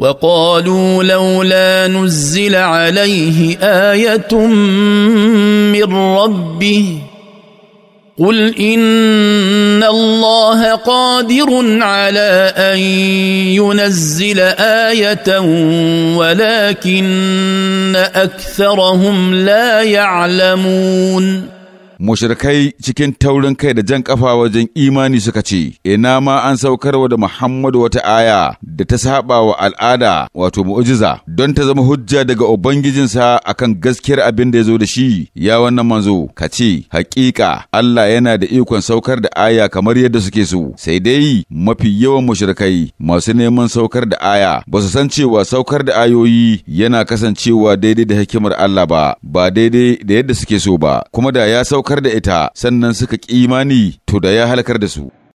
وقالوا لولا نزل عليه ايه من ربه قل ان الله قادر على ان ينزل ايه ولكن اكثرهم لا يعلمون mushrikai cikin taurin kai da jan kafa wajen imani suka ce ina ma an saukar saukarwa da Muhammadu wata aya da ta saba wa al'ada wato Mu'ujiza. don ta zama hujja daga ubangijinsa akan gaskiyar abin da ya zo da shi ya wannan manzo ka ce hakika Allah yana da ikon saukar da aya kamar yadda suke so sai dai mafi yawan mushrikai masu neman saukar da aya ba su san cewa saukar da ayoyi yana kasancewa daidai da hikimar Allah ba ba daidai da yadda suke so ba kuma da ya saukar saukar da ita sannan suka ƙi imani to da ya halakar da su.